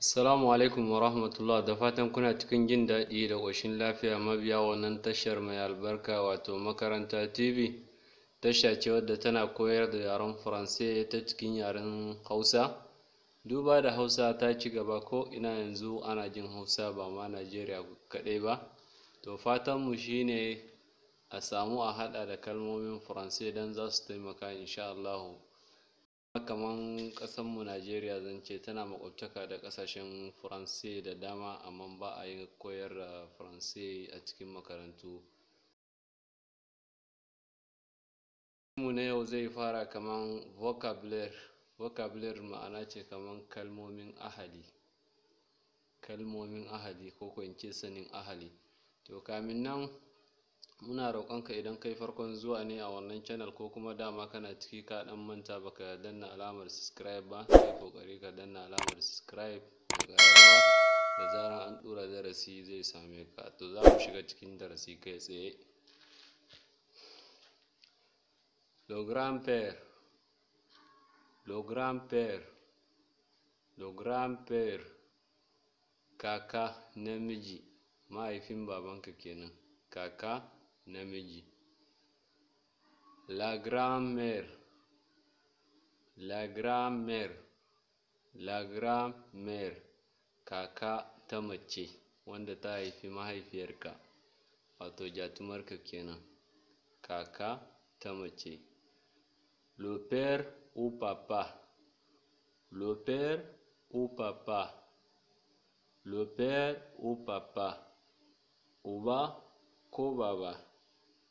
Assalamu alaikum wa rahmatullah da fatan kuna cikin jin daɗi da ƙoshin lafiya mabiya wannan tashar mai albarka wato makaranta TV tasha ce wadda tana koyar da yaren Faransai ta cikin yaren Hausa duba da Hausa ta ci gaba ko ina yanzu ana jin Hausa ba ma Najeriya kaɗai ba to fatan mu shine a samu a haɗa da kalmomin Faransai don za su taimaka insha kaman ƙasanmu Najeriya zan ce tana maƙwabtaka da ƙasashen Faransai da dama amma ba a yin koyar da Faransai a cikin makarantu. mu na yau zai fara kaman vocabulary vocabulary ma'ana ce kaman kalmomin ahali kalmomin ahali ko ko in ce sanin ahali to kamin nan muna roƙonka idan kai farkon zuwa ne a wannan channel ko kuma dama kana ciki ka dan manta baka danna alamar subscribe ba sai kokari ka danna alamar subscribe daga rawa da zaran an ɗora darasi zai same ka to za mu shiga cikin darasi kai tsaye le grand père le grand père le grand père kaka namiji mahaifin babanka kenan kaka namiji la grand-mère la grand-mère la grand-mère kaka ta mace wanda ta haifi mahaifiyarka wato jatumarka kenan kaka ta mace le père ou papa le père ou papa le père ou papa uba ko baba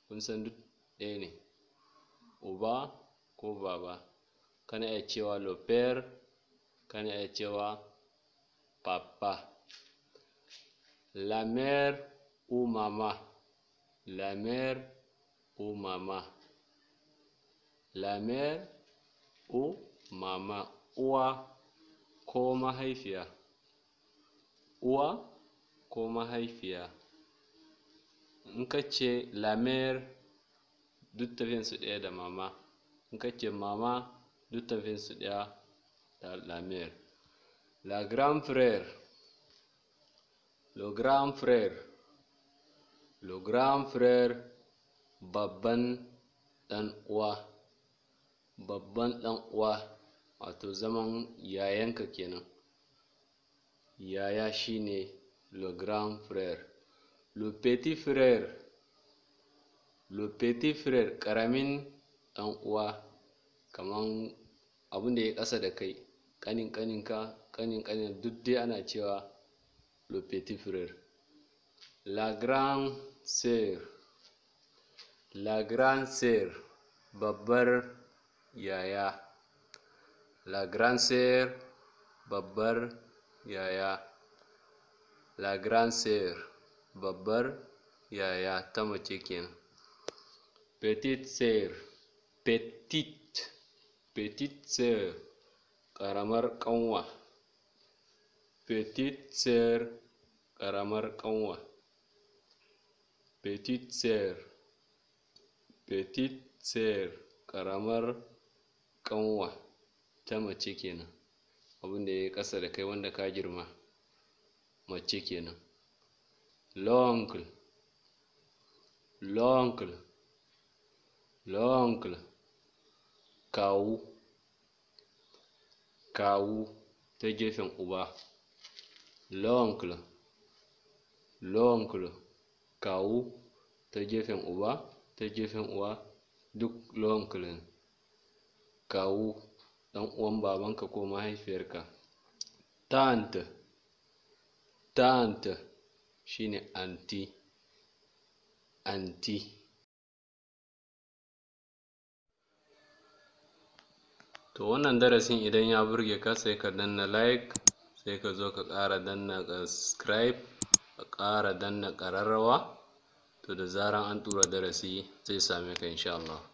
kun san duk ɗaya ne uba ko baba kana iya cewa loper kana iya cewa papa la umama, u mama la mer u mama la mer u mama uwa ko mahaifiya uwa ko mahaifiya in ka ce la mère duk tafiyansu ɗaya da mama in ka ce mama duk tafiyansu ɗaya da la mère la grand frère lo grand frère lo grand frère babban dan uwa babban dan uwa wato zaman yayanka kenan yaya shine lo grand frère le petit frère, le petit ɗan uwa kaman abun da ya ƙasa da kai ƙanin ƙaninka ƙanin ƙanin duk dai ana cewa le petit frère la grande sœur la grande sœur babbar yaya la grande sœur babbar yaya la grande sœur babbar yaya ta mace kenan petite sir petite petite sir ƙaramar ƙanwa petite sir ƙaramar ƙanwa petite sir petite sir ƙaramar ƙanwa ta mace kenan abinda yayi ƙasa da kai wanda ka girma mace kenan l'oncle l'oncle l'oncle kawu kawu ta gefen uba l'oncle l'oncle kawu ta gefen uba ta gefen duk l'oncle kawu dan uwan babanka ko mahaifiyarka tante tante shine anti anti to wannan darasin idan ya burge ka sai ka danna like sai ka zo ka ƙara danna subscribe ka ƙara danna ƙararrawa to da zaran an tura darasi zai same ka insha Allah